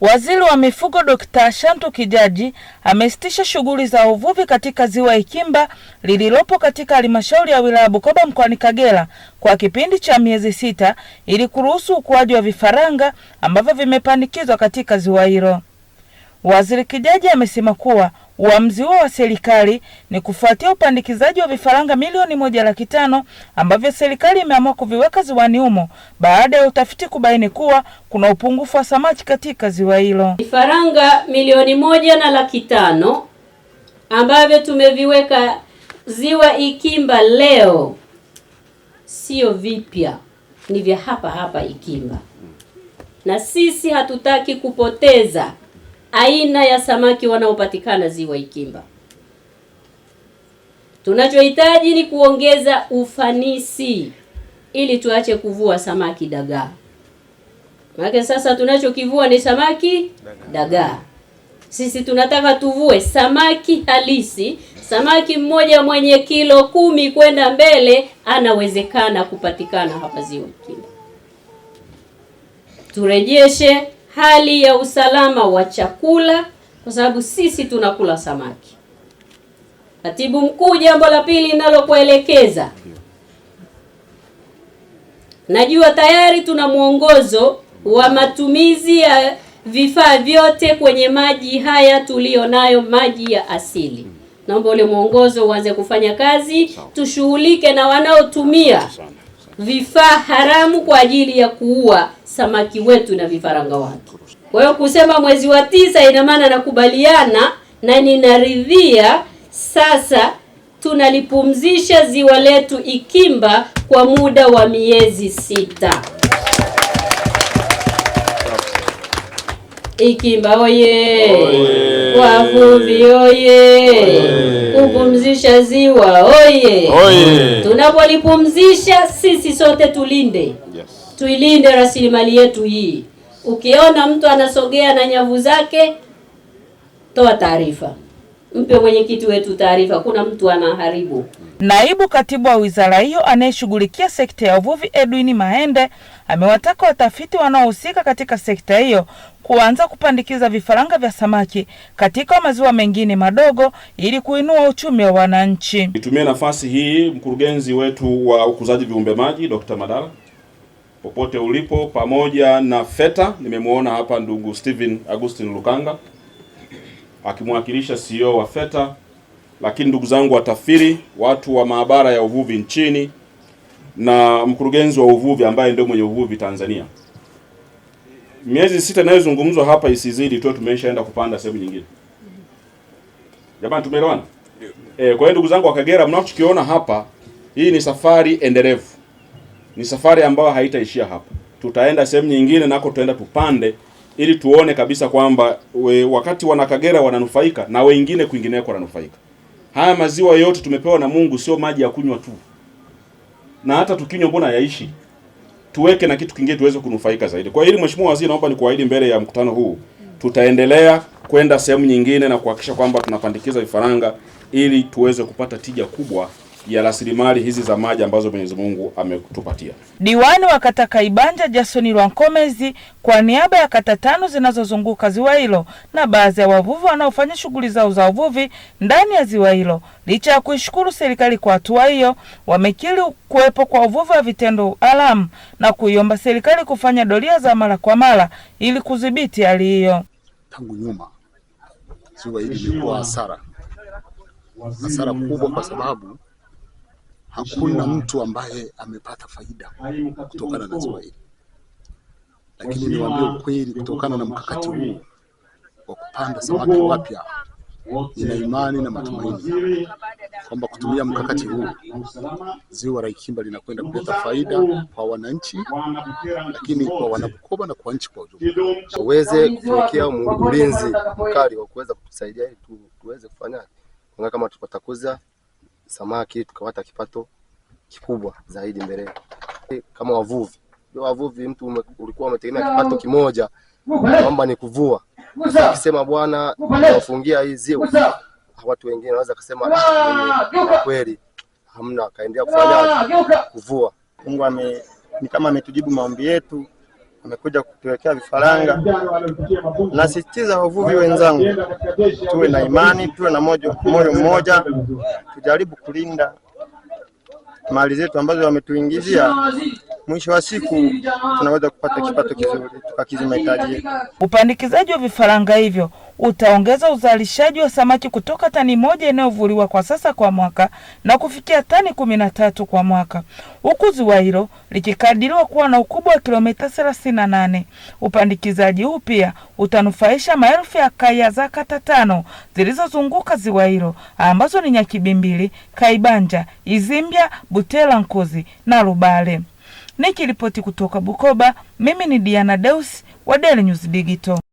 Waziri wa Mifugo Dkt. Shantu Kijaji amesitisha shughuli za uvuvi katika ziwa Ikimba lililopo katika halmashauri ya wilaya Bukoba mkoani Kagera kwa kipindi cha miezi sita ili kuruhusu ukuaji wa vifaranga ambavyo vimepandikizwa katika ziwa hilo. Waziri Kijaji amesema kuwa Uamuzi huo wa serikali ni kufuatia upandikizaji wa vifaranga milioni moja laki tano ambavyo serikali imeamua kuviweka ziwani humo baada ya utafiti kubaini kuwa kuna upungufu wa samaki katika ziwa hilo. Vifaranga milioni moja na laki tano ambavyo tumeviweka ziwa Ikimba leo sio vipya, ni vya hapa hapa Ikimba, na sisi hatutaki kupoteza aina ya samaki wanaopatikana ziwa Ikimba. Tunachohitaji ni kuongeza ufanisi ili tuache kuvua samaki dagaa. Maana sasa tunachokivua ni samaki dagaa Sisi tunataka tuvue samaki halisi. Samaki mmoja mwenye kilo kumi kwenda mbele anawezekana kupatikana hapa ziwa Ikimba. Turejeshe hali ya usalama wa chakula, kwa sababu sisi tunakula samaki. Katibu mkuu, jambo la pili ninalokuelekeza, najua tayari tuna mwongozo wa matumizi ya vifaa vyote kwenye maji haya tuliyo nayo, maji ya asili. Naomba ule mwongozo uanze kufanya kazi, tushughulike na wanaotumia vifaa haramu kwa ajili ya kuua samaki wetu na vifaranga wake. Kwa hiyo kusema mwezi wa tisa, ina maana nakubaliana na ninaridhia sasa tunalipumzisha ziwa letu Ikimba kwa muda wa miezi sita. Ikimba oye, oye. Wavuvi oye! Kupumzisha ziwa oye! Oye! Tunapolipumzisha sisi sote tulinde, yes. Tuilinde rasilimali yetu hii. Ukiona mtu anasogea na nyavu zake, toa taarifa mpe mwenyekiti wetu taarifa, kuna mtu anaharibu. Naibu katibu wa wizara hiyo anayeshughulikia sekta ya uvuvi Edwin Mahende amewataka watafiti wanaohusika katika sekta hiyo kuanza kupandikiza vifaranga vya samaki katika maziwa mengine madogo ili kuinua uchumi wa wananchi. Nitumie nafasi hii mkurugenzi wetu wa ukuzaji viumbe maji Dr. Madala, popote ulipo, pamoja na FETA, nimemwona hapa ndugu Steven Agustin Lukanga akimwakilisha CEO wa FETA, lakini ndugu zangu watafiri, watu wa maabara ya uvuvi nchini na mkurugenzi wa uvuvi ambaye ndio mwenye uvuvi Tanzania. Miezi sita inayozungumzwa hapa isizidi tu, tumeshaenda kupanda sehemu nyingine. Jamani, tumeelewana? Eh, kwa hiyo ndugu zangu wa Kagera, mnachokiona hapa, hii ni safari endelevu, ni safari ambayo haitaishia hapa. Tutaenda sehemu nyingine nako, tutaenda tupande ili tuone kabisa kwamba wakati wana Kagera wananufaika na wengine kwingineko wananufaika. Haya maziwa yote tumepewa na Mungu, sio maji ya kunywa tu, na hata tukinywa mbona yaishi? Tuweke na kitu kingine tuweze kunufaika zaidi. Kwa hiyo Mheshimiwa Waziri, naomba nikuahidi mbele ya mkutano huu tutaendelea kwenda sehemu nyingine na kuhakikisha kwamba tunapandikiza vifaranga ili tuweze kupata tija kubwa ya rasilimali hizi za maji ambazo Mwenyezi Mungu ametupatia. Diwani wa kata Kaibanja Jasoni Lwankomezi kwa niaba ya kata tano zinazozunguka ziwa hilo na baadhi ya wavuvi wanaofanya shughuli zao za uvuvi ndani ya ziwa hilo, licha ya kuishukuru serikali kwa hatua hiyo, wamekiri kuwepo kwa uvuvi wa vitendo haramu na kuiomba serikali kufanya doria za mara kwa mara ili kudhibiti hali hiyo. Tangu nyuma ziwa hili limekuwa hasara hasara kubwa, kwa sababu hakuna mtu ambaye amepata faida kutokana na zoezi hili, lakini niwaambie ukweli, kutokana na mkakati huu wa kupanda samaki wapya, nina imani na matumaini kwamba kutumia mkakati huu ziwa la Ikimba linakwenda kuleta faida kwa wananchi, lakini kwa Wanabukoba na kwa nchi kwa ujumla. Uweze kuwekea ulinzi mkali wa kuweza kutusaidia ili tuweze kufanya kama tutakuza samaki tukapata kipato kikubwa zaidi mbele. Kama wavuvi, wavuvi mtu ume, ulikuwa umetegemea kipato kimoja naomba ni kuvua, akisema bwana wafungia hizi ah, watu wengine wanaweza kusema kweli hamna, akaendelea kufanya kuvua. Mungu ame, ni kama ametujibu maombi yetu amekuja kutuwekea vifaranga. Nasisitiza wavuvi wenzangu, tuwe na imani, tuwe na moyo mmoja, tujaribu kulinda mali zetu ambazo wametuingizia. Mwisho wa siku tunaweza kupata kipato kizuri tukakizimahitaji mahitaji Upandikizaji wa vifaranga hivyo utaongeza uzalishaji wa samaki kutoka tani moja inayovuliwa kwa sasa kwa mwaka na kufikia tani kumi na tatu kwa mwaka, huku ziwa hilo likikadiriwa kuwa na ukubwa wa kilomita thelathini na nane. Upandikizaji huu pia utanufaisha maelfu ya kaya za kata tano zilizozunguka ziwa hilo ambazo ni Nyakibimbili, Kaibanja, Izimbya, Butela, Nkozi na Rubale. Nikiripoti kutoka Bukoba, mimi ni Diana Deus wa Daily News Digital.